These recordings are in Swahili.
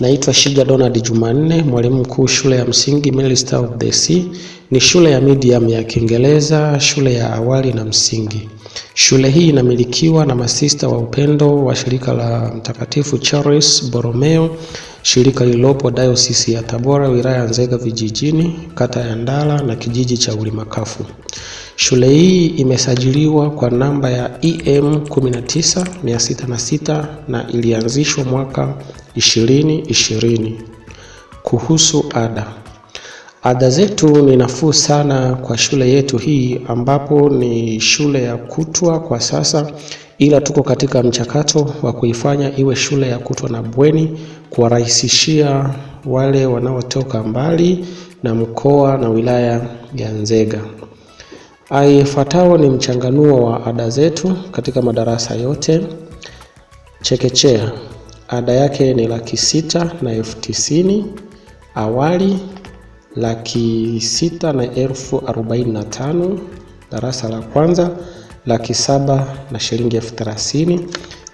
Naitwa Shija Donald Jumanne, mwalimu mkuu shule ya msingi Mary Star of the Sea. Ni shule ya medium ya Kiingereza, shule ya awali na msingi. Shule hii inamilikiwa na masista wa upendo wa shirika la Mtakatifu Charles Borromeo, shirika lililopo Diocese ya Tabora, wilaya ya Nzega vijijini, kata ya Ndala na kijiji cha Ulimakafu. Shule hii imesajiliwa kwa namba ya EM 19606 na ilianzishwa mwaka 2020. kuhusu ada. Ada zetu ni nafuu sana kwa shule yetu hii ambapo ni shule ya kutwa kwa sasa, ila tuko katika mchakato wa kuifanya iwe shule ya kutwa na bweni, kuwarahisishia wale wanaotoka mbali na mkoa na wilaya ya Nzega. Aifuatao ni mchanganuo wa ada zetu katika madarasa yote chekechea ada yake ni laki sita na elfu tisini awali laki sita na elfu arobaini na tano darasa la kwanza laki saba na shilingi elfu thelathini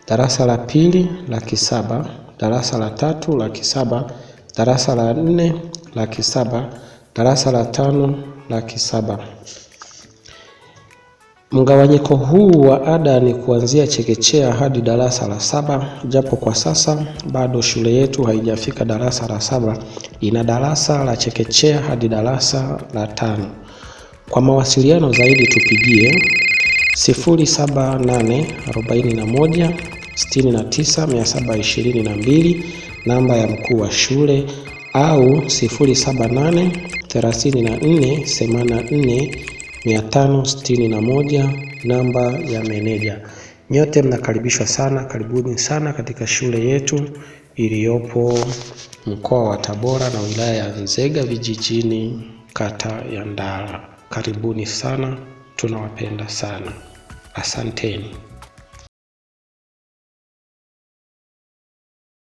darasa la pili laki saba darasa la tatu laki saba darasa la nne laki saba darasa la tano laki saba Mgawanyiko huu wa ada ni kuanzia chekechea hadi darasa la saba, japo kwa sasa bado shule yetu haijafika darasa la saba, ina darasa la chekechea hadi darasa la tano. Kwa mawasiliano zaidi tupigie 0784169722 namba ya mkuu wa shule au 0783484 561 namba ya meneja. Nyote mnakaribishwa sana, karibuni sana katika shule yetu iliyopo mkoa wa Tabora na wilaya ya Nzega vijijini, kata ya Ndala. Karibuni sana, tunawapenda sana, asanteni.